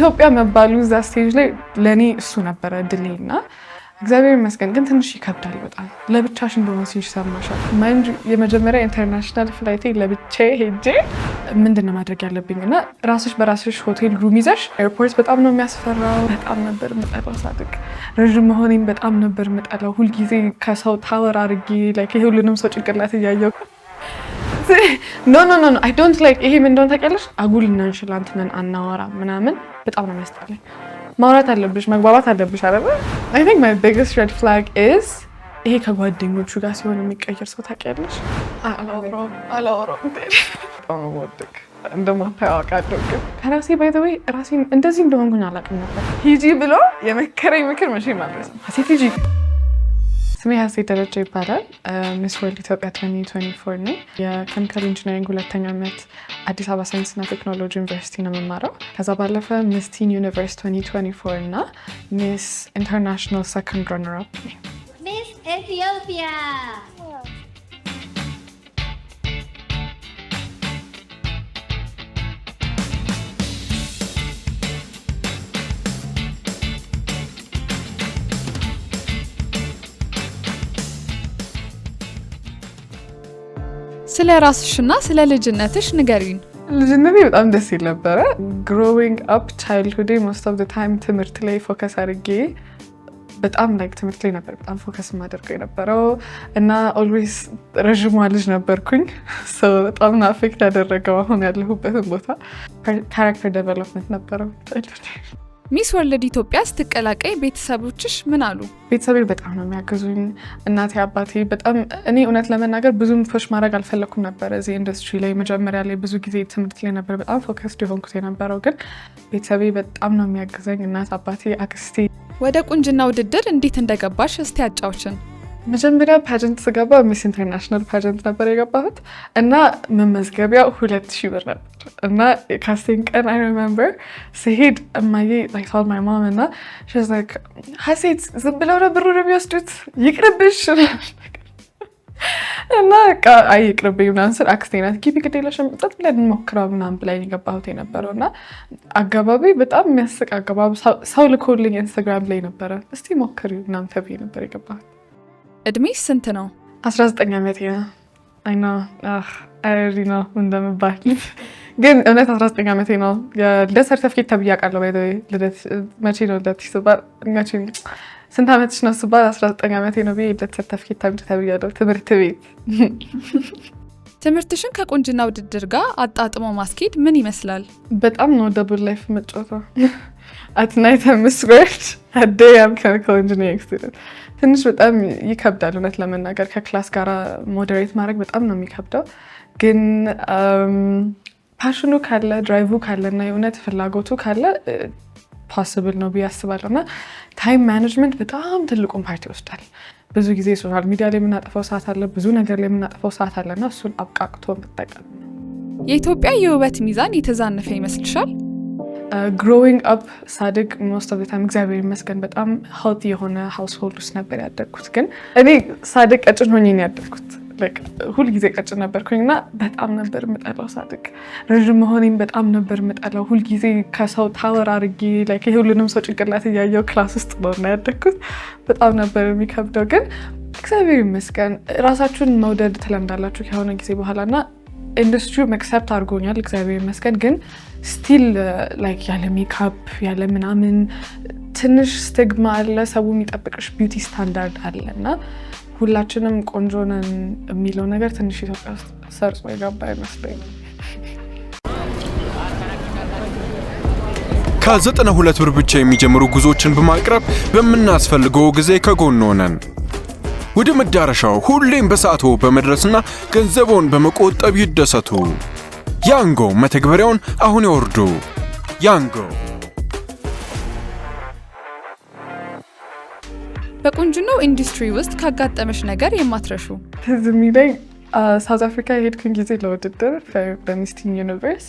ኢትዮጵያ መባሉ እዛ ስቴጅ ላይ ለእኔ እሱ ነበረ ድሌ እና እግዚአብሔር ይመስገን። ግን ትንሽ ይከብዳል በጣም ለብቻሽ እንደሆነ ሲሽ ሰማሻል። ማንድ የመጀመሪያ ኢንተርናሽናል ፍላይቴ ለብቻ ሄጄ ምንድን ነው ማድረግ ያለብኝ እና ራስሽ በራስሽ ሆቴል ሩም ይዘሽ ኤርፖርት በጣም ነው የሚያስፈራው። በጣም ነበር ምጠላው፣ ሳድቅ ረዥም መሆኔም በጣም ነበር ምጠላው። ሁልጊዜ ከሰው ታወር አርጌ ሁሉንም ሰው ጭንቅላት እያየው ኖ ኖ ኖ ኖ አይ ዶንት ላይክ ይሄ ምን እንደሆነ ታውቂያለሽ? አጉል እና እንሽላንት ነን አናወራ ምናምን በጣም ነው የሚያስጠላኝ። ማውራት አለብሽ፣ መግባባት አለብሽ አይደል? አይ ቲንክ ማይ ቢግስት ሬድ ፍላግ ኢዝ ይሄ ከጓደኞቹ ጋር ሲሆን የሚቀየር ሰው ታውቂያለሽ? አላወራሁም አላወራሁም እንደማታያዋቃለው ግን ከራሴ ባይ ዘ ወይ ራሴን እንደዚህ እንደሆንኩኝ አላውቅም ነበር። ሂጂ ብሎ የመከረኝ ምክር መቼም አልረሳም። ሴት ሂጂ ስሜ ሀሴ ደረጃ ይባላል። ሚስ ወርልድ ኢትዮጵያ 2024 ነኝ። የኬሚካል ኢንጂነሪንግ ሁለተኛ ዓመት አዲስ አበባ ሳይንስና ቴክኖሎጂ ዩኒቨርሲቲ ነው የምማረው። ከዛ ባለፈ ሚስ ቲን ዩኒቨርስ 2024 እና ሚስ ኢንተርናሽናል ሰኮንድ ረነር አፕ ነኝ። ሚስ ኢትዮጵያ ስለ ራስሽና ስለ ልጅነትሽ ንገሪን። ልጅነቴ በጣም ደስ ይል ነበረ። ግሮዊንግ አፕ ቻይልድሁዴ ሞስት ኦፍ ታይም ትምህርት ላይ ፎከስ አድርጌ በጣም ላይክ ትምህርት ላይ ነበር በጣም ፎከስ የማደርገው የነበረው እና ኦልዌይስ ረዥሟ ልጅ ነበርኩኝ። በጣም አፌክት ያደረገው አሁን ያለሁበትን ቦታ ካራክተር ዴቨሎፕመንት ነበረው። ሚስ ወርልድ ኢትዮጵያ ስትቀላቀይ ቤተሰቦችሽ ምን አሉ? ቤተሰቤ በጣም ነው የሚያግዙኝ። እናቴ አባቴ በጣም እኔ እውነት ለመናገር ብዙም ፎሽ ማድረግ አልፈለግኩም ነበር እዚህ ኢንዱስትሪ ላይ መጀመሪያ ላይ ብዙ ጊዜ ትምህርት ላይ ነበር በጣም ፎከስድ የሆንኩት የነበረው፣ ግን ቤተሰቤ በጣም ነው የሚያግዘኝ፣ እናት አባቴ፣ አክስቴ። ወደ ቁንጅና ውድድር እንዴት እንደገባሽ እስቲ ያጫውችን። መጀመሪያ ፓጀንት ስገባ ሚስ ኢንተርናሽናል ፓጀንት ነበር የገባሁት እና መመዝገቢያ ሁለት ሺህ ብር ነበር እና ካስቲንግ ቀን አይ ሪመምበር ስሄድ እማዬ ታይቷል ማይ ማም እና ሸዘክ ሀሴት ዝም ብለው ነው ብሩን የሚወስዱት ይቅርብሽ እና አይ ይቅርብኝ ምናምን ስል አክስቴ ናት ጊቢ ግዴለሽም ጠጥ ብለን እንሞክረው ምናምን ብላኝ የገባሁት የነበረው እና አገባቢ በጣም የሚያስቅ አገባብ ሰው ልኮልኝ ኢንስታግራም ላይ ነበረ እስቲ ሞክሪ ምናምን ተብዬ ነበር የገባሁት እድሜሽ ስንት ነው? 19 ዓመቴ ነው። አይና አይሪ ነው እንደምባል ግን እውነት 19 ዓመቴ ነው። የልደት ሰርተፍኬት ተብዬ አውቃለሁ። ልደት መቼ ነው ልደት ስባል መቼ ስንት ዓመትሽ ነው ስባል 19 ዓመቴ ነው ብዬ የልደት ሰርተፍኬት ተብዬ ተብያለሁ። ትምህርት ቤት ትምህርትሽን ከቁንጅና ውድድር ጋር አጣጥሞ ማስኬድ ምን ይመስላል? በጣም ነው ደብል ላይፍ መጫወታ አት ናይት አምስት አደያም ከቆንጅና ኢንጂኒሪንግ ትንሽ በጣም ይከብዳል። እውነት ለመናገር ከክላስ ጋር ሞዴሬት ማድረግ በጣም ነው የሚከብደው። ግን ፓሽኑ ካለ ድራይቭ ካለ እና የእውነት ፍላጎቱ ካለ ፓስብል ነው ብዬ አስባለሁ። እና ታይም ማኔጅመንት በጣም ትልቁን ፓርቲ ይወስዳል። ብዙ ጊዜ ሶሻል ሚዲያ ላይ የምናጠፈው ሰዓት አለ፣ ብዙ ነገር ላይ የምናጠፈው ሰዓት አለ እና እሱን አብቃቅቶ መጠቀም። የኢትዮጵያ የውበት ሚዛን የተዛነፈ ይመስልሻል? ግሮዊንግ uh, አፕ ሳድግ ሞስት ኦፍ ታይም እግዚአብሔር ይመስገን በጣም ሄልቲ የሆነ ሃውስሆልድ ውስጥ ነበር ያደግኩት። ግን እኔ ሳድግ ቀጭን ሆኜ ነው ያደግኩት። ሁል ጊዜ ቀጭን ነበርኩኝ እና በጣም ነበር የምጠላው ሳድግ። ረዥም መሆኔን በጣም ነበር የምጠላው። ሁልጊዜ ከሰው ታወር አድርጌ የሁሉንም ሰው ጭንቅላት እያየው ክላስ ውስጥ ነው ያደግኩት። በጣም ነበር የሚከብደው። ግን እግዚአብሔር ይመስገን ራሳችሁን መውደድ ትለምዳላችሁ ከሆነ ጊዜ በኋላ እና ኢንዱስትሪው መክሰፕት አድርጎኛል እግዚአብሔር ይመስገን ግን ስቲል ላይክ uh, ያለ ሜካፕ ያለ ምናምን ትንሽ ስቲግማ አለ። ሰው የሚጠብቅሽ ቢዩቲ ስታንዳርድ አለ እና ሁላችንም ቆንጆ ነን የሚለው ነገር ትንሽ ኢትዮጵያ ውስጥ ሰርጾ የገባ አይመስለኝም። ከዘጠና ሁለት ብር ብቻ የሚጀምሩ ጉዞዎችን በማቅረብ በምናስፈልገው ጊዜ ከጎን ሆነን ወደ መዳረሻው ሁሌም በሰዓቱ በመድረስና ገንዘቦን በመቆጠብ ይደሰቱ። ያንጎ መተግበሪያውን አሁን ይወርዱ። ያንጎ በቁንጅናው ኢንዱስትሪ ውስጥ ካጋጠመሽ ነገር የማትረሹ ትዝ የሚለኝ ሳውት አፍሪካ የሄድኩን ጊዜ ለውድድር በሚስቲን ዩኒቨርስ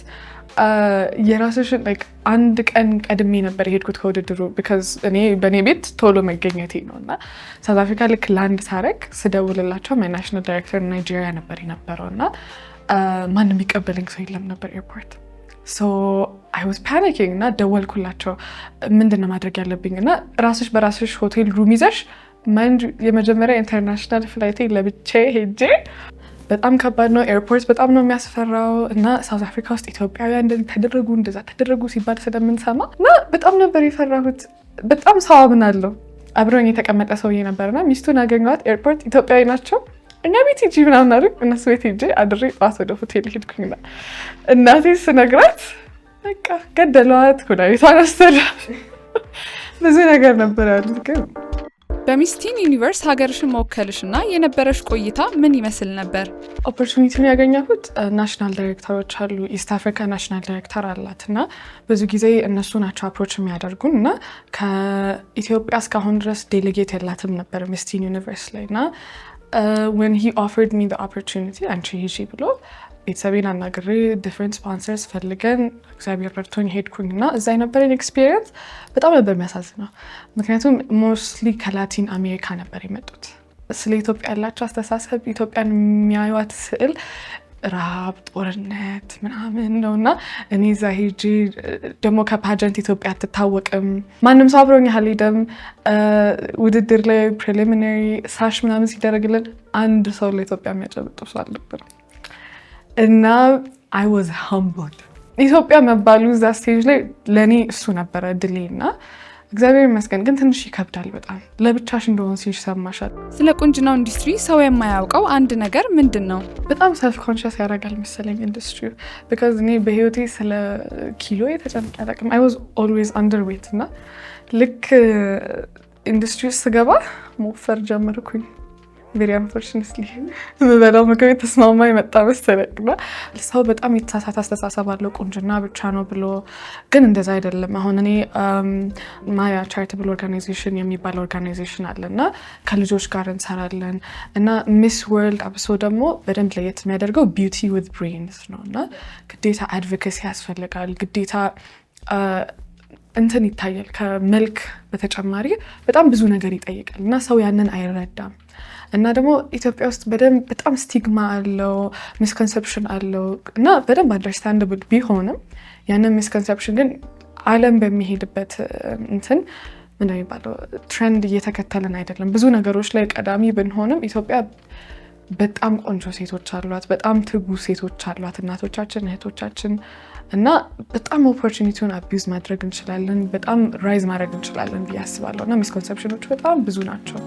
የራስሽን አንድ ቀን ቀድሜ ነበር የሄድኩት ከውድድሩ እኔ በእኔ ቤት ቶሎ መገኘቴ ነው እና ሳውት አፍሪካ ልክ ለአንድ ሳረግ ስደውልላቸው ማይ ናሽናል ዳይሬክተር ናይጄሪያ ነበር የነበረው እና ማንም የሚቀበለኝ ሰው የለም ነበር ኤርፖርት። አይ ዋዝ ፓኒኪንግ እና ደወልኩላቸው ምንድን ነው ማድረግ ያለብኝ እና ራስሽ በራስሽ ሆቴል ሩም ይዘሽ የመጀመሪያ ኢንተርናሽናል ፍላይቴ ለብቼ ሄጄ በጣም ከባድ ነው። ኤርፖርት በጣም ነው የሚያስፈራው እና ሳውዝ አፍሪካ ውስጥ ኢትዮጵያውያን እንደዚህ ተደረጉ እንደዛ ተደረጉ ሲባል ስለምንሰማ እና በጣም ነበር የፈራሁት። በጣም ሰው አምናለሁ። አብሮኝ የተቀመጠ ሰውዬ ነበርና ሚስቱን አገኘኋት ኤርፖርት። ኢትዮጵያዊ ናቸው እኛ ቤት ሂጂ ምናምን አይደል? እነሱ ቤት ሂጂ አድሬ ጠዋት ወደ ሆቴል ሄድኩኝና እናቴ ስነግራት በቃ ገደሏት፣ ኩላዊቷ ነስተሏት፣ ብዙ ነገር ነበር ያሉት ግን በሚስቲን ዩኒቨርስ ሀገርሽን መወከልሽ እና የነበረሽ ቆይታ ምን ይመስል ነበር? ኦፖርቹኒቲን ያገኘሁት ናሽናል ዳይሬክተሮች አሉ። ኢስት አፍሪካ ናሽናል ዳይሬክተር አላት እና ብዙ ጊዜ እነሱ ናቸው አፕሮች የሚያደርጉን እና ከኢትዮጵያ እስካሁን ድረስ ዴሌጌት የላትም ነበር ሚስቲን ዩኒቨርስ ላይ እና ወን ሂ ኦፈርድ ሚ ኦፖርቹኒቲ አንቺ ሂጂ ብሎ ቤተሰቤን አናግሬ ዲፍረንት ስፖንሰርስ ፈልገን እግዚአብሔር ረድቶኝ ሄድኩኝ እና እዛ የነበረን ኤክስፒሪየንስ በጣም ነበር የሚያሳዝነው። ምክንያቱም ሞስትሊ ከላቲን አሜሪካ ነበር የመጡት። ስለ ኢትዮጵያ ያላቸው አስተሳሰብ ኢትዮጵያን የሚያዩት ስዕል ረሃብ፣ ጦርነት ምናምን ነው እና እኔ እዛ ሄጂ ደግሞ ከፓጀንት ኢትዮጵያ አትታወቅም። ማንም ሰው አብሮኝ አልሄደም። ውድድር ላይ ፕሪሊሚናሪ ሳሽ ምናምን ሲደረግልን አንድ ሰው ለኢትዮጵያ የሚያጨብጡ ሰው አልነበረ እና አይ ዋዝ ሃምብል ኢትዮጵያ መባሉ እዛ ስቴጅ ላይ ለእኔ እሱ ነበረ ድሌ እና እግዚአብሔር ይመስገን ግን ትንሽ ይከብዳል። በጣም ለብቻሽ እንደሆን ሲልሽ ይሰማሻል። ስለ ቁንጅናው ኢንዱስትሪ ሰው የማያውቀው አንድ ነገር ምንድን ነው? በጣም ሰልፍ ኮንሽስ ያደርጋል መሰለኝ ኢንዱስትሪ ቢካዝ እኔ በህይወቴ ስለ ኪሎ የተጨነቀ ያጠቅም አይ ዋዝ ኦልዌዝ አንደር ዌት እና ልክ ኢንዱስትሪ ውስጥ ስገባ መወፈር ጀመርኩኝ። ሚሪያም ስ የምበላው ምግብ የተስማማ የመጣ መሰለኝና ሰው በጣም የተሳሳተ አስተሳሰብ አለው። ቁንጅና ብቻ ነው ብሎ ግን እንደዛ አይደለም። አሁን እኔ ማያ ቻሪታብል ኦርጋናይዜሽን የሚባል ኦርጋናይዜሽን አለ እና ከልጆች ጋር እንሰራለን እና ሚስ ወርልድ አብሶ ደግሞ በደንብ ለየት የሚያደርገው ቢዩቲ ዊዝ ብሬንስ ነው እና ግዴታ አድቮኬሲ ያስፈልጋል ግዴታ እንትን ይታያል። ከመልክ በተጨማሪ በጣም ብዙ ነገር ይጠይቃል እና ሰው ያንን አይረዳም። እና ደግሞ ኢትዮጵያ ውስጥ በደንብ በጣም ስቲግማ አለው፣ ሚስኮንሰፕሽን አለው እና በደንብ አንደርስታንድብል ቢሆንም ያንን ሚስኮንሰፕሽን ግን ዓለም በሚሄድበት እንትን ምን የሚባለው ትሬንድ እየተከተለን አይደለም። ብዙ ነገሮች ላይ ቀዳሚ ብንሆንም ኢትዮጵያ በጣም ቆንጆ ሴቶች አሏት፣ በጣም ትጉ ሴቶች አሏት፣ እናቶቻችን እህቶቻችን እና በጣም ኦፖርቹኒቲውን አቢዩዝ ማድረግ እንችላለን፣ በጣም ራይዝ ማድረግ እንችላለን ብዬ አስባለሁ እና ሚስኮንሰፕሽኖች በጣም ብዙ ናቸው።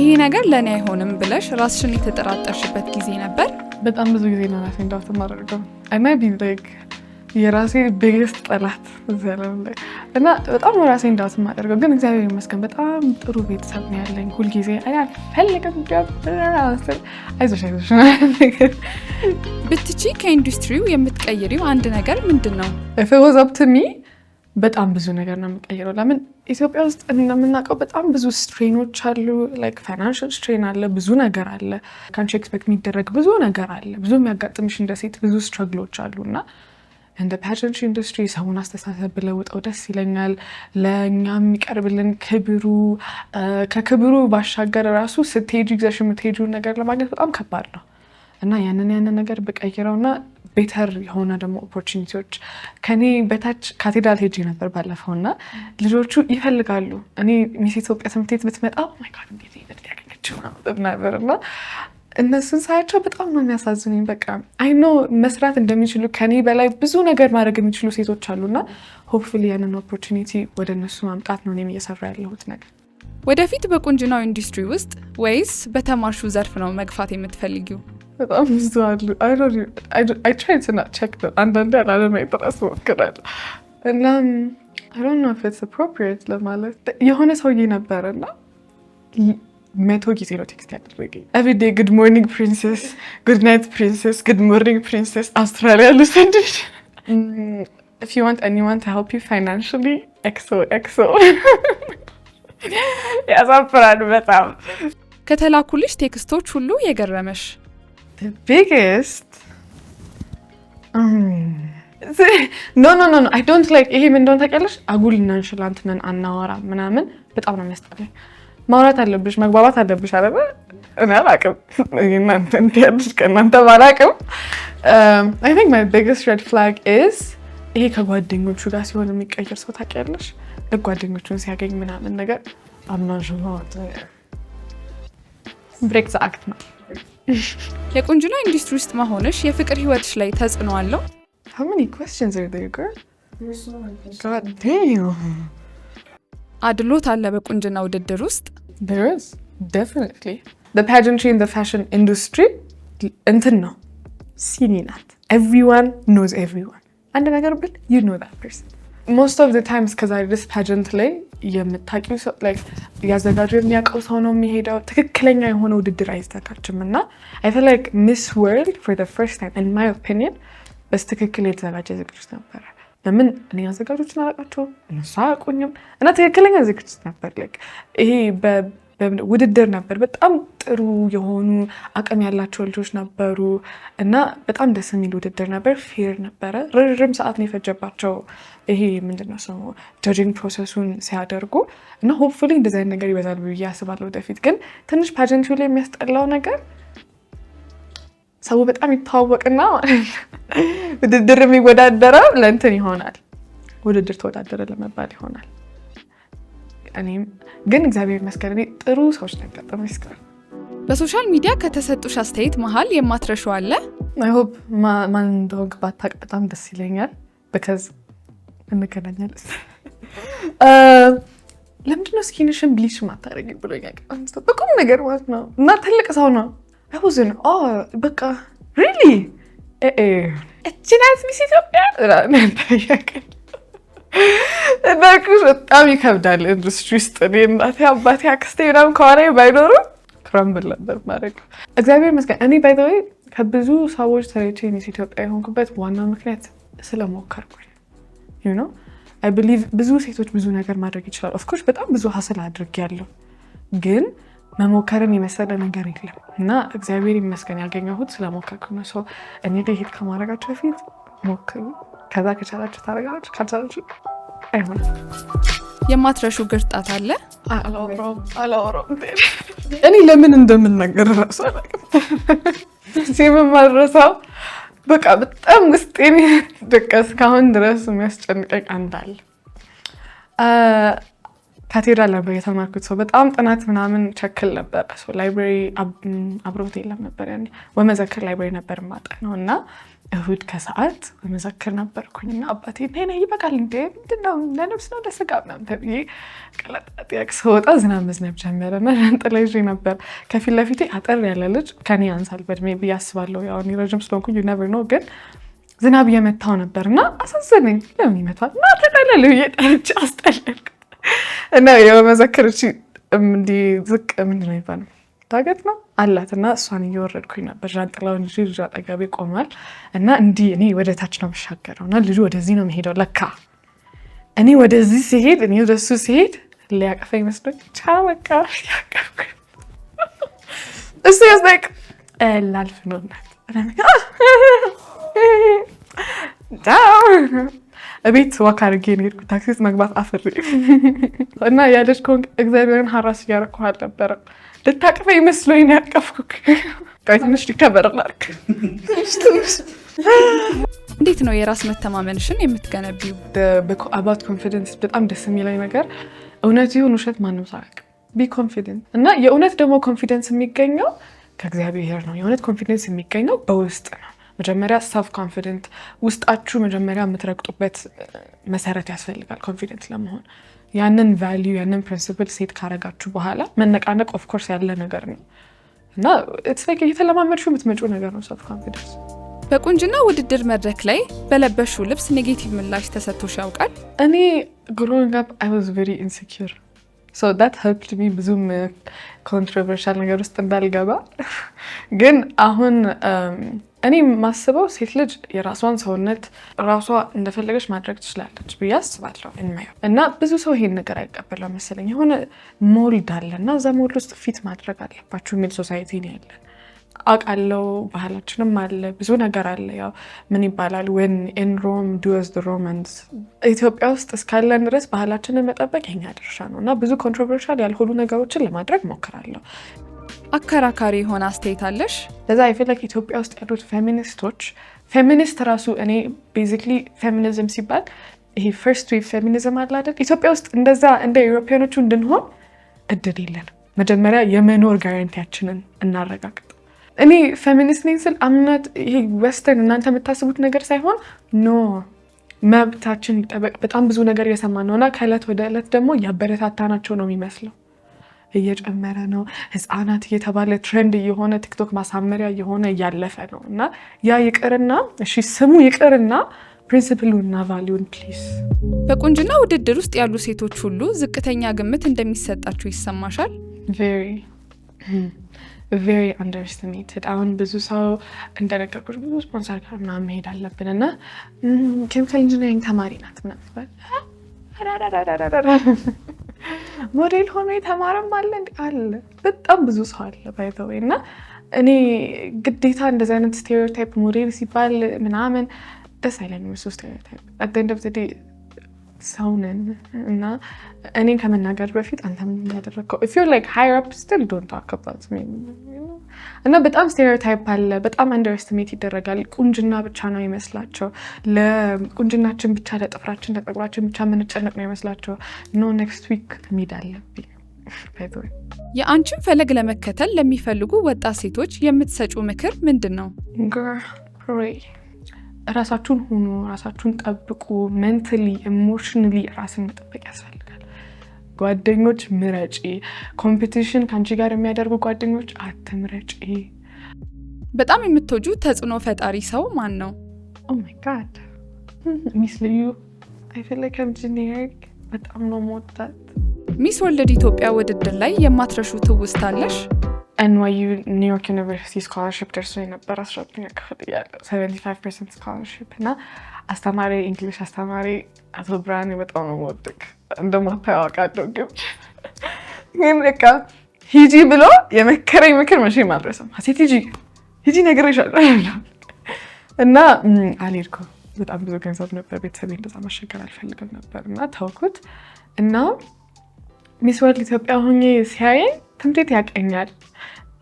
ይሄ ነገር ለእኔ አይሆንም ብለሽ ራስሽን የተጠራጠርሽበት ጊዜ ነበር? በጣም ብዙ ጊዜ ነው ራሴ ዳውት ማደርገው እና ቢላይክ የራሴ ቢግስት ጠላት ዘለም እና በጣም ራሴ ዳውት ማደርገው። ግን እግዚአብሔር ይመስገን በጣም ጥሩ ቤተሰብ ነው ያለኝ። ሁልጊዜ አልፈልግም ስል አይዞሽ አይዞሽ ብትቺ ከኢንዱስትሪው የምትቀይሪው አንድ ነገር ምንድን ነው? በጣም ብዙ ነገር ነው የምቀይረው። ለምን ኢትዮጵያ ውስጥ እንደምናውቀው በጣም ብዙ ስትሬኖች አሉ። ላይክ ፋይናንሽል ስትሬን አለ፣ ብዙ ነገር አለ፣ ከአንቺ ኤክስፔክት የሚደረግ ብዙ ነገር አለ። ብዙ የሚያጋጥምሽ እንደ ሴት ብዙ ስትረግሎች አሉ እና እንደ ፓጀንት ኢንዱስትሪ ሰውን አስተሳሰብ ብለውጠው ደስ ይለኛል። ለእኛ የሚቀርብልን ክብሩ ከክብሩ ባሻገር ራሱ ስትሄጂ ይዘሽ የምትሄጂውን ነገር ለማግኘት በጣም ከባድ ነው እና ያንን ያንን ነገር ብቀይረው ብቀይረውና ቤተር የሆነ ደግሞ ኦፖርቹኒቲዎች ከኔ በታች ካቴድራል ሄጅ ነበር ባለፈው እና ልጆቹ ይፈልጋሉ። እኔ ሚስ ኢትዮጵያ ትምህርት ቤት ብትመጣ ማይጋድ oh እንዴት ይነት ያገኘችው ነበር እና እነሱን ሳያቸው በጣም ነው የሚያሳዝኑኝ። በቃ አይኖ መስራት እንደሚችሉ ከኔ በላይ ብዙ ነገር ማድረግ የሚችሉ ሴቶች አሉና ሆፕፉሊ ያንን ኦፖርቹኒቲ ወደ እነሱ ማምጣት ነው እኔም እየሰራ ያለሁት ነገር። ወደፊት በቁንጅናው ኢንዱስትሪ ውስጥ ወይስ በተማርሹ ዘርፍ ነው መግፋት የምትፈልጊው? በጣም ብዙ አሉ። አይ ትራይ ትና ቼክ አንዳንዴ አላለም የጥራስ ሞክራል እና አይ ለማለት የሆነ ሰውዬ ነበር እና መቶ ጊዜ ነው ቴክስት ያደረገኝ። ኤቭሪዴ ጉድ ሞርኒንግ ፕሪንሴስ፣ ጉድ ናይት ፕሪንሴስ፣ ጉድ ሞርኒንግ ፕሪንሴስ አውስትራሊያ ልውሰድሽ ኢፍ ዩ ዋንት ኤኒዋን ቱ ሄልፕ ዩ ፋይናንሽሊ ኤክሶ ኤክሶ። ያሳፍራል በጣም ከተላኩልሽ ቴክስቶች ሁሉ የገረመሽ The biggest? ኖ ኖ ኖ አይ ዶንት ላይክ ይሄ ምን እንደሆነ ታውቂያለሽ? አጉል እና አናወራ ምናምን በጣም ነው የሚያስጠላኝ። ማውራት አለብሽ፣ መግባባት አለብሽ አለ እኔ አላቅም እናንተ እንዲያልሽ ከእናንተ ባላቅም አይ ቲንክ ማይ ቢግስት ሬድ ፍላግ ኢዝ ይሄ ከጓደኞቹ ጋር ሲሆን የሚቀየር ሰው ታውቂያለሽ? ጓደኞቹን ሲያገኝ ምናምን ነገር አምናንሽ ብሬክ ዘ አክት ነው የቁንጅና ኢንዱስትሪ ውስጥ መሆንሽ የፍቅር ህይወትሽ ላይ ተጽዕኖ አለው? አድሎት አለ በቁንጅና ውድድር ውስጥ? ኢንዱስትሪ እንትን ነው ሲኒ ናት። ኤቭሪዋን ኖዝ ኤቭሪዋን አንድ ነገር ብል ዩ ኖ ፐርሰን ሞስት ኦፍ ታይምስ ታይም ድረስ ፓጀንት ላይ የምታውቂው ሰው ያዘጋጁ የሚያውቀው ሰው ነው የሚሄደው። ትክክለኛ የሆነ ውድድር አይዘጋጅም እና አይ ፊል ላይክ ሚስ ወርልድ ፎር ዘ ፈርስት ታይም ኢን ማይ ኦፒኒየን በትክክል የተዘጋጀ ዝግጅት ነበረ። ለምን እኔ አዘጋጆችን አላውቃቸውም እነሱ አያውቁኝም እና ትክክለኛ ዝግጅት ነበር። ይሄ ውድድር ነበር። በጣም ጥሩ የሆኑ አቅም ያላቸው ልጆች ነበሩ እና በጣም ደስ የሚል ውድድር ነበር። ፌር ነበረ። ረዥም ሰዓት ነው የፈጀባቸው ይሄ ምንድነው ስሙ ጃጅንግ ፕሮሰሱን ሲያደርጉ እና ሆፕፉሊ እንደዚህ አይነት ነገር ይበዛል ብዬ አስባለሁ ወደፊት። ግን ትንሽ ፓጀንትሪ ላይ የሚያስጠላው ነገር ሰው በጣም ይተዋወቅና ውድድር የሚወዳደረው ለእንትን ይሆናል ውድድር ተወዳደረ ለመባል ይሆናል። እኔም ግን እግዚአብሔር ይመስገን እኔ ጥሩ ሰዎች ነው ያጋጠመኝ እስካሁን። በሶሻል ሚዲያ ከተሰጡሽ አስተያየት መሀል የማትረሹ አለ? አይሆብ ማን እንደሆንክ ባታውቅ በጣም ደስ ይለኛል። በከዝ እንገናኛል ለምንድነው ስኪንሽን ብሊች ማታደረግ ብሎኛል። በቁም ነገር ማለት ነው እና ትልቅ ሰው ነው አይወዝን በቃ ሪሊ እችን ሚስ ኢትዮጵያ ያቀል እና በጣም ይከብዳል ኢንዱስትሪ ውስጥ እኔ እናቴ አባቴ አክስቴ ምናምን ከኋላ ባይኖሩ ክረምብል ነበር ማድረግ። እግዚአብሔር ይመስገን እኔ ባይ ከብዙ ሰዎች ተለይቼ ሚስ ኢትዮጵያ የሆንኩበት ዋናው ምክንያት ስለሞከርኩኝ ነው። አይ ብሊቭ ብዙ ሴቶች ብዙ ነገር ማድረግ ይችላሉ። ኦፍኮርስ በጣም ብዙ ሀስል አድርጌያለሁ፣ ግን መሞከርን የመሰለ ነገር የለም እና እግዚአብሔር ይመስገን ያገኘሁት ስለሞከርኩ ነው። እኔ ላይ ሄድ ከማድረጋቸው በፊት ሞክሩ። ከዛ ከቻላችሁ ታደርጋችሁ ካልቻላችሁ አይሆንም። የማትረሹ ግርጣት አለ። እኔ ለምን እንደምናገር ራሱ የምማረሳው በቃ በጣም ውስጤን ደቀ እስካሁን ድረስ የሚያስጨንቀኝ አንዳል ካቴድራል ነበር የተማርኩት። ሰው በጣም ጥናት ምናምን ቸክል ነበር። ሰው ላይብራሪ አብሮት የለም ነበር ያኔ። ወመዘክር ላይብራሪ ነበር የማጠናው እና እሁድ ከሰዓት ወመዘክር ነበርኩኝ እና አባቴ ነይ ነይ ይበቃል እንደ ምንድነው ነው ለነብስ ነው ለስጋ ምናምን ተብዬ ቀለጣጥያቅ ስወጣ ዝናብ መዝነብ ጀመረ። መረንጥላ ይዤ ነበር። ከፊት ለፊቴ አጠር ያለ ልጅ ከኔ ያንሳል በእድሜ ብዬ አስባለሁ። ያው እኔ ረጅም ስለሆንኩኝ ነበር ነው ግን ዝናብ እየመታው ነበር እና አሳዘነኝ። ለምን ይመቷል? እና ተጠለል ብዬ ጠርቼ አስጠለልኩ እና የመመዘክርች እንዲ ዝቅ ምንድን ነው የሚባለው ታገት ነው አላት እና እሷን እየወረድኩኝ ነበር። ዣንጥላውን ልጅ ልጅ አጠገቤ ቆሟል እና እንዲህ እኔ ወደ ታች ነው የምሻገረው እና ልጁ ወደዚህ ነው የሚሄደው። ለካ እኔ ወደዚህ ሲሄድ እኔ ወደሱ ሲሄድ ሊያቀፈ ይመስሎኝ ቻ በቃ ያቀፍ እሱ ያስጠቅ ላልፍ ነው እናት እቤት ዋካ አድርጌ ነው የሄድኩት። ታክሲ ውስጥ መግባት አፈሪ እና ያለች ከሆንክ እግዚአብሔርን ሀራስ እያደረኩህ አልነበረም። ልታቅፈ ይመስለኝ ነው ያቀፍኩህ። ትንሽ ሊከበር ላርክ እንዴት ነው የራስ መተማመንሽን የምትገነቢው? አባት ኮንፊደንስ በጣም ደስ የሚለኝ ነገር እውነት ይሁን ውሸት ማንም ሰው ቢ ኮንፊደንት እና የእውነት ደግሞ ኮንፊደንስ የሚገኘው ከእግዚአብሔር ነው። የእውነት ኮንፊደንስ የሚገኘው በውስጥ ነው መጀመሪያ ሰልፍ ኮንፊደንት ውስጣችሁ መጀመሪያ የምትረግጡበት መሰረት ያስፈልጋል ኮንፊደንት ለመሆን። ያንን ቫሊዩ ያንን ፕሪንስፕል ሴት ካረጋችሁ በኋላ መነቃነቅ ኦፍኮርስ ያለ ነገር ነው እና የተለማመድሽው የምትመጪው ነገር ነው ሰልፍ ኮንፊደንስ። በቁንጅና ውድድር መድረክ ላይ በለበሹ ልብስ ኔጌቲቭ ምላሽ ተሰጥቶሽ ያውቃል? እኔ ግሮዊንግ አፕ አይ ዋዝ ቬሪ ኢንሴኪር ሶ ዳት ሄልፕድ ሚ ብዙም ኮንትሮቨርሻል ነገር ውስጥ እንዳልገባ ግን አሁን um, እኔ የማስበው ሴት ልጅ የራሷን ሰውነት ራሷ እንደፈለገች ማድረግ ትችላለች ብዬ አስባለሁ። እንማየው እና ብዙ ሰው ይሄን ነገር አይቀበለው መሰለኝ። የሆነ ሞልድ አለ እና እዛ ሞልድ ውስጥ ፊት ማድረግ አለባችሁ የሚል ሶሳይቲ ነው ያለን። አውቃለሁ፣ ባህላችንም አለ፣ ብዙ ነገር አለ። ያው ምን ይባላል ወን ኢን ሮም ዱ አዝ ዘ ሮማንስ። ኢትዮጵያ ውስጥ እስካለን ድረስ ባህላችንን መጠበቅ የኛ ድርሻ ነው እና ብዙ ኮንትሮቨርሻል ያልሆኑ ነገሮችን ለማድረግ ሞክራለሁ። አከራካሪ የሆነ አስተያየት አለሽ? ለዛ የፈለግ ኢትዮጵያ ውስጥ ያሉት ፌሚኒስቶች ፌሚኒስት ራሱ እኔ ቤዚክሊ ፌሚኒዝም ሲባል ይሄ ፈርስት ዌቭ ፌሚኒዝም አለ አይደል? ኢትዮጵያ ውስጥ እንደዛ እንደ ኢውሮፒያኖቹ እንድንሆን እድል የለንም። መጀመሪያ የመኖር ጋራንቲያችንን እናረጋግጥ። እኔ ፌሚኒስት ነኝ ስል አምነት ይሄ ወስተርን እናንተ የምታስቡት ነገር ሳይሆን ኖ መብታችን ይጠበቅ። በጣም ብዙ ነገር እየሰማን ነውና ከእለት ወደ እለት ደግሞ ያበረታታናቸው ነው የሚመስለው። እየጨመረ ነው። ህፃናት እየተባለ ትሬንድ እየሆነ ቲክቶክ ማሳመሪያ እየሆነ እያለፈ ነው እና ያ ይቅርና እሺ ስሙ ይቅርና ፕሪንስፕሉና ቫሊዩን ፕሊስ። በቁንጅና ውድድር ውስጥ ያሉ ሴቶች ሁሉ ዝቅተኛ ግምት እንደሚሰጣቸው ይሰማሻል? ቬሪ ቬሪ አንደርስትሜትድ። አሁን ብዙ ሰው እንደነገርኩሽ ብዙ ስፖንሰር ጋር ምናምን መሄድ አለብን እና ኬሚካል ኢንጂነሪንግ ተማሪ ናት ምናምን ሞዴል ሆኖ የተማረም አለ አለ በጣም ብዙ ሰው አለ ባይተወይ እና እኔ ግዴታ እንደዚህ አይነት ስቴሪዮታይፕ ሞዴል ሲባል ምናምን ደስ አይለኝም። ሶ ስቴሪዮታይፕ ሰው ነን እና እኔ ከመናገር በፊት አንተም ያደረግከው እና በጣም ስቴሪዮታይፕ አለ። በጣም አንደርስቲሜት ይደረጋል። ቁንጅና ብቻ ነው ይመስላቸው። ለቁንጅናችን ብቻ፣ ለጥፍራችን፣ ለጠጉራችን ብቻ የምንጨነቅ ነው ይመስላቸው። ኖ ኔክስት ዊክ ሚድ አለብኝ። የአንቺን ፈለግ ለመከተል ለሚፈልጉ ወጣት ሴቶች የምትሰጩ ምክር ምንድን ነው? ራሳችሁን ሁኑ፣ ራሳችሁን ጠብቁ። ሜንትሊ ኢሞሽናሊ ራስን መጠበቅ ያስፈልጋል። ጓደኞች ምረጪ። ኮምፒቲሽን ከአንቺ ጋር የሚያደርጉ ጓደኞች አትምረጪ። በጣም የምትወጁ ተጽዕኖ ፈጣሪ ሰው ማን ነው? ኦማይ ጋድ ሚስ ልዩ በጣም ነው መወጣት። ሚስ ወርልድ ኢትዮጵያ ውድድር ላይ የማትረሹ ትውስታ አለሽ? ኤንዋይዩ ኒውዮርክ ዩኒቨርሲቲ ስኮላርሽፕ ደርሶ የነበረ አስራ ክፍል እያለ ሰቨንቲ ስኮላርሽፕ እና አስተማሪ እንግሊሽ አስተማሪ አቶ ብርሃኔ በጣም ነው የምወድቅ እንደማታያዋቃለው ግን ግን በቃ ሂጂ ብሎ የመከረኝ ምክር መቼ አልረሳም። ሀሴት ሂጂ ሂጂ ነግሬሻለሁ እና አልሄድኩም። በጣም ብዙ ገንዘብ ነበር። ቤተሰቤ እንደዛ ማሸገር አልፈልግም ነበር እና ተውኩት እና ሚስ ወርልድ ኢትዮጵያ ሆኜ ሲያየኝ ትምዴት ያቀኛል።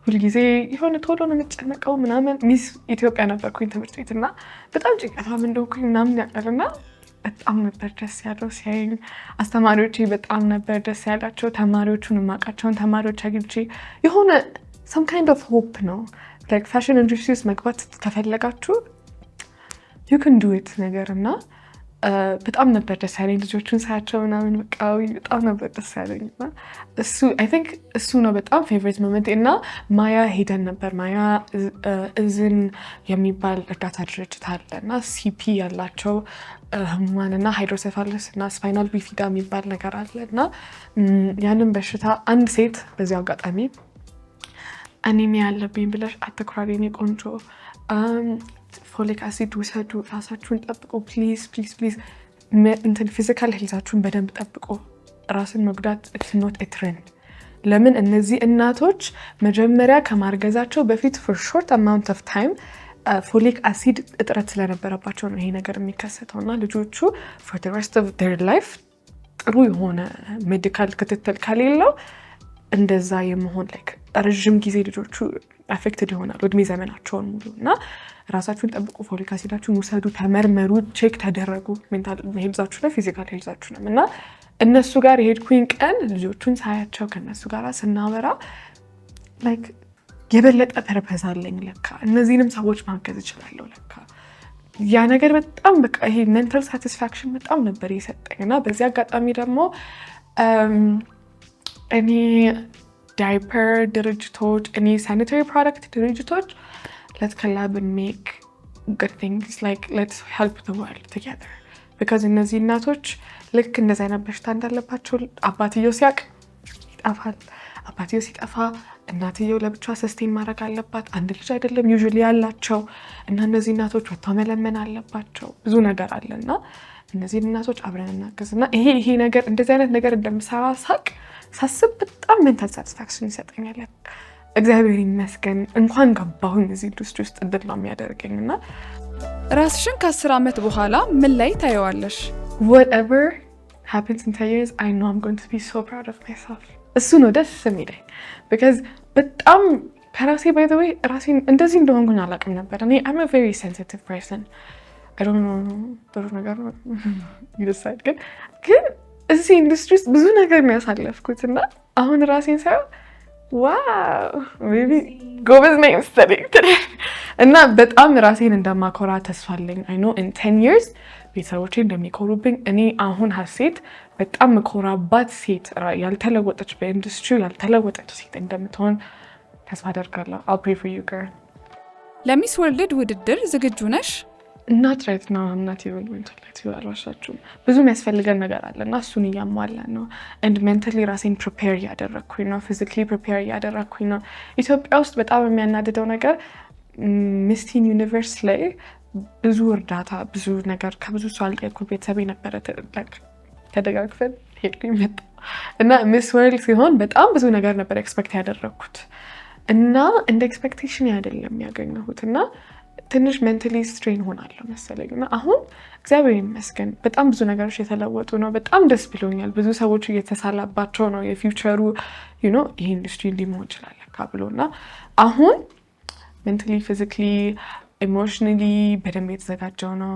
ሁልጊዜ የሆነ ቶሎ ነው የምጨነቀው ምናምን። ሚስ ኢትዮጵያ ነበርኩኝ ትምህርት ቤት እና በጣም ጭንቀታም እንደሆንኩኝ ምናምን ያቀርና በጣም ነበር ደስ ያለው ሲያየኝ። አስተማሪዎቼ በጣም ነበር ደስ ያላቸው። ተማሪዎቹን የማውቃቸውን ተማሪዎች አግኝቼ የሆነ ሰም ካይንድ ኦፍ ሆፕ ነው ፋሽን ኢንዱስትሪ ውስጥ መግባት ከፈለጋችሁ ዩ ክን ዱ ኢት ነገር እና በጣም ነበር ደስ ያለኝ ልጆቹን ሳያቸው ምናምን በቃ በጣም ነበር ደስ ያለኝ እና እሱ አይ ቲንክ እሱ ነው በጣም ፌቨሪት ሞመንት እና ማያ ሄደን ነበር። ማያ እዝን የሚባል እርዳታ ድርጅት አለ እና ሲፒ ያላቸው ህሙማን እና ሃይድሮሴፋለስ እና ስፓይናል ቢፊዳ የሚባል ነገር አለ እና ያንን በሽታ አንድ ሴት በዚያ አጋጣሚ አኒሚያ ያለብኝ ብለሽ አትኩራሪ የኔ ቆንጆ ፎሊክ አሲድ ውሰዱ፣ ራሳችሁን ጠብቁ። ፕሊዝ ፕሊዝ ፕሊዝ እንትን ፊዚካል ሄልዛችሁን በደንብ ጠብቁ። ራስን መጉዳት ኢትስ ትሬንድ። ለምን እነዚህ እናቶች መጀመሪያ ከማርገዛቸው በፊት ፎር ሾርት አማውንት ኦፍ ታይም ፎሊክ አሲድ እጥረት ስለነበረባቸው ነው ይሄ ነገር የሚከሰተው እና ልጆቹ ፎር ረስት ኦፍ ላይፍ ጥሩ የሆነ ሜዲካል ክትትል ከሌለው እንደዛ የመሆን ላይክ ረዥም ጊዜ ልጆቹ አፌክትድ ይሆናል እድሜ ዘመናቸውን ሙሉ እና ራሳችሁን ጠብቁ። ፎሊክ አሲዳችሁን ውሰዱ፣ ተመርመሩ፣ ቼክ ተደረጉ። ሜንታል ሄልዛችሁ ነው፣ ፊዚካል ሄልዛችሁ ነው እና እነሱ ጋር የሄድኩኝ ቀን ልጆቹን ሳያቸው ከእነሱ ጋር ስናበራ ላይክ የበለጠ ፐርፐዝ አለኝ ለካ እነዚህንም ሰዎች ማገዝ እችላለሁ ለካ ያ ነገር በጣም በቃ ይሄ ሜንታል ሳቲስፋክሽን በጣም ነበር የሰጠኝ እና በዚህ አጋጣሚ ደግሞ እኔ ዳይፐር ድርጅቶች እኔ ሳኒታሪ ፕሮዳክት ድርጅቶች ሌትስ ኮላብ ሜክ ጉድ ቲንግስ ላይክ ሌትስ ሄልፕ ዘ ወርልድ ቱጌዘር ቢካዝ እነዚህ እናቶች ልክ እንደዚህ አይነት በሽታ እንዳለባቸው አባትየው ሲያቅ ይጠፋል። አባትየው ሲጠፋ እናትየው ለብቻ ሰስቴን ማድረግ አለባት። አንድ ልጅ አይደለም ዩዥሊ ያላቸው እና እነዚህ እናቶች ወጥተው መለመን አለባቸው። ብዙ ነገር አለና እነዚህን እናቶች አብረን እናገዝና ይሄ ይሄ ነገር እንደዚህ አይነት ነገር እንደምሰራ ሳቅ ሳስብ በጣም ሜንታል ሳትስፋክሽን ይሰጠኛል። እግዚአብሔር ይመስገን እንኳን ገባሁኝ እዚህ ኢንዱስትሪ ውስጥ እድል ነው የሚያደርገኝ። እና ራስሽን ከአስር ዓመት በኋላ ምን ላይ ታየዋለሽ? እሱ ነው ደስ የሚለኝ። ቢካዝ በጣም ከራሴ by ራሴን እንደዚህ እንደሆንኩኝ አላውቅም ነበር። እኔ አም a very sensitive person ጥሩ ነገር ግን ግን እዚህ ኢንዱስትሪ ውስጥ ብዙ ነገር ነው ያሳለፍኩት እና አሁን ራሴን ሳይሆን ዋው ቤቢ ጎበዝ ነኝ መሰለኝ እና በጣም ራሴን እንደማኮራ ተስፋ አለኝ። አይ ኖ ኢን ቴን ይርስ ቤተሰቦቼ እንደሚኮሩብኝ እኔ አሁን ሀሴት በጣም ምኮራባት ሴት ያልተለወጠች በኢንዱስትሪ ያልተለወጠች ሴት እንደምትሆን ተስፋ አደርጋለሁ። አል ፕሬ ፎር ዩ ገርል። ለሚስ ወርልድ ውድድር ዝግጁ ነሽ? ናትራይትና ማምናት ይሁን ወይም ቸክላይት አልባሻችሁም ብዙ የሚያስፈልገን ነገር አለ እና እሱን እያሟላን ነው። እንድ ሜንታሊ ራሴን ፕሪፔር እያደረግኩኝ ነው። ፊዚካሊ ፕሪፔር እያደረግኩኝ ነው። ኢትዮጵያ ውስጥ በጣም የሚያናድደው ነገር ሚስቲን ዩኒቨርስ ላይ ብዙ እርዳታ ብዙ ነገር ከብዙ ሰው አልጠየኩም። ቤተሰብ ነበረ ትልቅ ተደጋግፈን ሄድ ይመጣ እና ሚስ ወርልድ ሲሆን በጣም ብዙ ነገር ነበር ኤክስፐክት ያደረግኩት እና እንደ ኤክስፔክቴሽን አይደለም ያገኘሁት እና ትንሽ ሜንታሊ ስትሬን ሆናለሁ መሰለኝ እና አሁን እግዚአብሔር ይመስገን በጣም ብዙ ነገሮች የተለወጡ ነው። በጣም ደስ ብሎኛል። ብዙ ሰዎች እየተሳላባቸው ነው የፊውቸሩ ዩኖ ይሄ ኢንዱስትሪ እንዲመሆን መሆን ይችላል ለካ ብሎ እና አሁን ሜንታሊ ፊዚካሊ ኢሞሽናሊ በደንብ የተዘጋጀው ነው።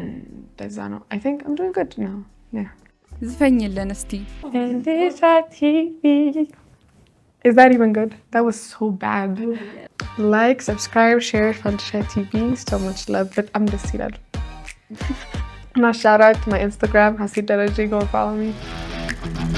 እንደዛ ነው። አይ ቲንክ አም ዶይንግ ጉድ ነው። ዝፈኝልን እስቲ ቲቪ Is that even good? That was so bad. Like, subscribe, share Fantasia TV. So much love, but I'm just Hasid. now shout out to my Instagram, Hasita Go follow me.